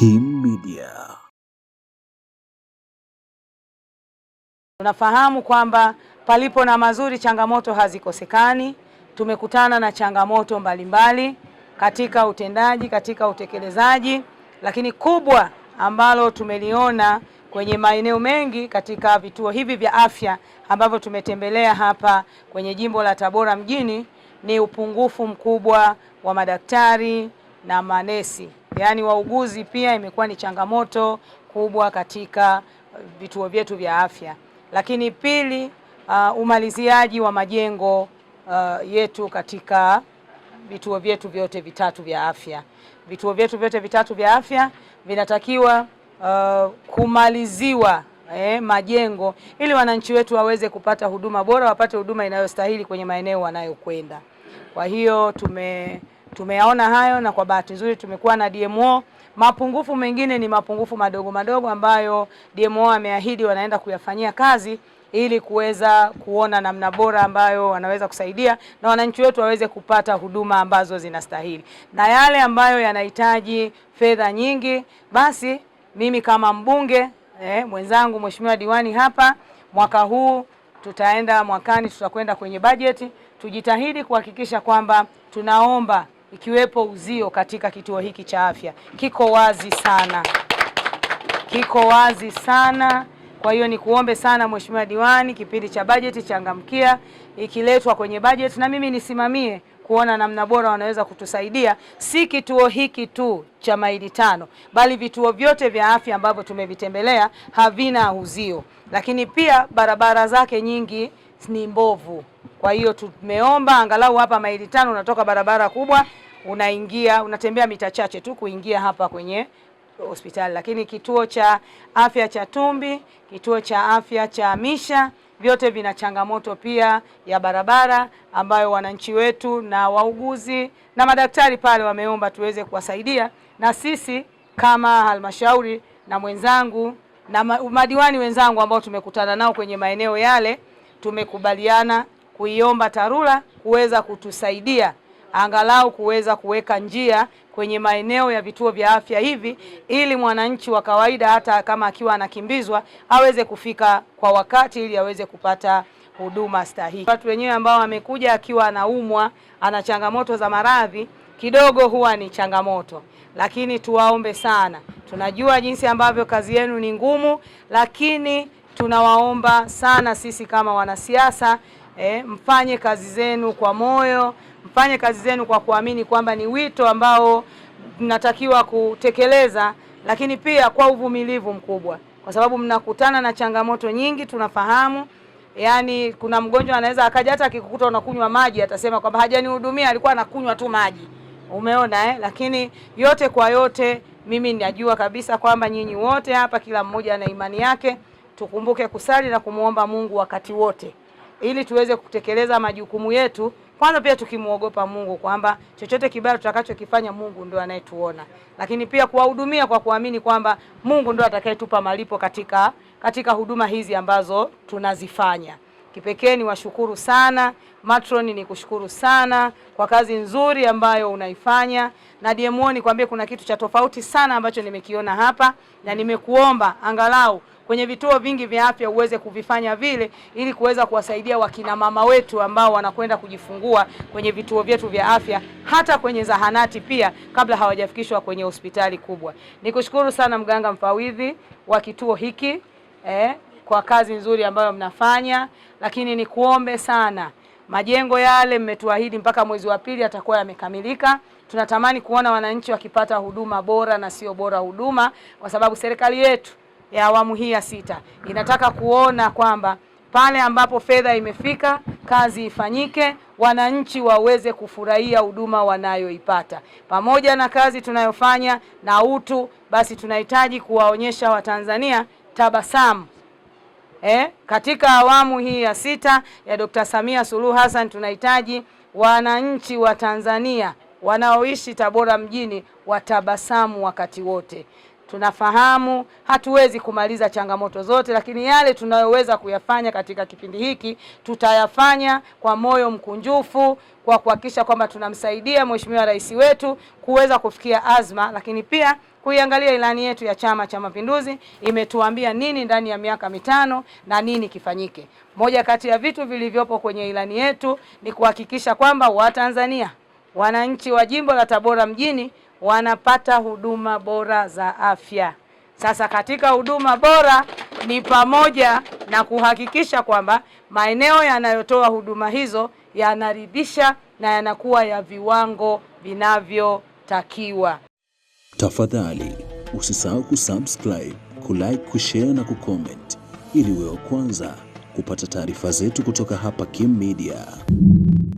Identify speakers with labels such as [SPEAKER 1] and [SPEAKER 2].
[SPEAKER 1] Kim Media. Tunafahamu kwamba palipo na mazuri changamoto hazikosekani. Tumekutana na changamoto mbalimbali mbali, katika utendaji, katika utekelezaji, lakini kubwa ambalo tumeliona kwenye maeneo mengi katika vituo hivi vya afya ambavyo tumetembelea hapa kwenye jimbo la Tabora mjini ni upungufu mkubwa wa madaktari na manesi yaani wauguzi pia imekuwa ni changamoto kubwa katika uh, vituo vyetu vya afya. Lakini pili, uh, umaliziaji wa majengo uh, yetu katika vituo vyetu vyote vitatu vya afya. Vituo vyetu vyote vitatu vya afya vinatakiwa uh, kumaliziwa eh, majengo ili wananchi wetu waweze kupata huduma bora, wapate huduma inayostahili kwenye maeneo wanayokwenda. Kwa hiyo tume Tumeyaona hayo na kwa bahati nzuri tumekuwa na DMO. Mapungufu mengine ni mapungufu madogo madogo ambayo DMO ameahidi wanaenda kuyafanyia kazi ili kuweza kuona namna bora ambayo wanaweza kusaidia na wananchi wetu waweze kupata huduma ambazo zinastahili, na yale ambayo yanahitaji fedha nyingi, basi mimi kama mbunge eh, mwenzangu mheshimiwa diwani hapa, mwaka huu tutaenda mwakani, tutakwenda kwenye bajeti, tujitahidi kuhakikisha kwamba tunaomba ikiwepo uzio katika kituo hiki cha afya kiko wazi sana, kiko wazi sana. Kwa hiyo nikuombe sana Mheshimiwa Diwani, kipindi cha bajeti changamkia, ikiletwa kwenye bajeti na mimi nisimamie kuona namna bora wanaweza kutusaidia, si kituo hiki tu cha maili tano, bali vituo vyote vya afya ambavyo tumevitembelea havina uzio, lakini pia barabara zake nyingi ni mbovu. Kwa hiyo tumeomba angalau hapa maili tano, unatoka barabara kubwa unaingia unatembea mita chache tu kuingia hapa kwenye hospitali. Lakini kituo cha afya cha Tumbi, kituo cha afya cha Misha vyote vina changamoto pia ya barabara ambayo wananchi wetu na wauguzi na madaktari pale wameomba tuweze kuwasaidia, na sisi kama halmashauri na mwenzangu na madiwani wenzangu ambao tumekutana nao kwenye maeneo yale tumekubaliana kuiomba TARURA kuweza kutusaidia angalau kuweza kuweka njia kwenye maeneo ya vituo vya afya hivi ili mwananchi wa kawaida hata kama akiwa anakimbizwa aweze kufika kwa wakati ili aweze kupata huduma stahiki. Watu wenyewe ambao wamekuja akiwa anaumwa, ana changamoto za maradhi kidogo huwa ni changamoto, lakini tuwaombe sana, tunajua jinsi ambavyo kazi yenu ni ngumu, lakini tunawaomba sana sisi kama wanasiasa eh, mfanye kazi zenu kwa moyo, mfanye kazi zenu kwa kuamini kwamba ni wito ambao mnatakiwa kutekeleza, lakini pia kwa uvumilivu mkubwa, kwa sababu mnakutana na changamoto nyingi. Tunafahamu yaani, kuna mgonjwa anaweza akaja hata akikukuta unakunywa maji atasema kwamba hajanihudumia, alikuwa anakunywa tu maji. Umeona eh? Lakini yote kwa yote, mimi najua kabisa kwamba nyinyi wote hapa, kila mmoja ana imani yake. Tukumbuke kusali na kumwomba Mungu wakati wote ili tuweze kutekeleza majukumu yetu, kwanza pia tukimwogopa Mungu kwamba chochote kibaya tutakachokifanya Mungu ndo anayetuona, lakini pia kuwahudumia kwa kuamini kwamba Mungu ndo atakayetupa malipo katika katika huduma hizi ambazo tunazifanya. Kipekee ni washukuru sana Matron, ni kushukuru sana kwa kazi nzuri ambayo unaifanya, na DMO nikwambie, kuna kitu cha tofauti sana ambacho nimekiona hapa, na nimekuomba angalau kwenye vituo vingi vya afya uweze kuvifanya vile, ili kuweza kuwasaidia wakina mama wetu ambao wanakwenda kujifungua kwenye vituo vyetu vya afya, hata kwenye zahanati pia, kabla hawajafikishwa kwenye hospitali kubwa. Nikushukuru sana mganga mfawidhi wa kituo hiki eh, kwa kazi nzuri ambayo mnafanya, lakini ni kuombe sana, majengo yale mmetuahidi mpaka mwezi wa pili yatakuwa yamekamilika. Tunatamani kuona wananchi wakipata huduma bora na sio bora huduma, kwa sababu serikali yetu ya awamu hii ya sita inataka kuona kwamba pale ambapo fedha imefika kazi ifanyike, wananchi waweze kufurahia huduma wanayoipata. Pamoja na kazi tunayofanya na utu, basi tunahitaji kuwaonyesha Watanzania tabasamu eh, katika awamu hii ya sita ya Dr. Samia Suluhu Hassan tunahitaji wananchi wa Tanzania wanaoishi Tabora mjini watabasamu wakati wote. Tunafahamu hatuwezi kumaliza changamoto zote, lakini yale tunayoweza kuyafanya katika kipindi hiki tutayafanya kwa moyo mkunjufu, kwa kuhakikisha kwamba tunamsaidia Mheshimiwa Rais wetu kuweza kufikia azma, lakini pia kuiangalia ilani yetu ya Chama cha Mapinduzi imetuambia nini ndani ya miaka mitano na nini kifanyike. Moja kati ya vitu vilivyopo kwenye ilani yetu ni kuhakikisha kwamba Watanzania wananchi wa jimbo la Tabora mjini wanapata huduma bora za afya. Sasa katika huduma bora ni pamoja na kuhakikisha kwamba maeneo yanayotoa huduma hizo yanaridhisha na yanakuwa ya viwango vinavyotakiwa. Tafadhali usisahau kusubscribe, kulike, kushare na kucomment ili uwe wa kwanza kupata taarifa zetu kutoka hapa Kim Media.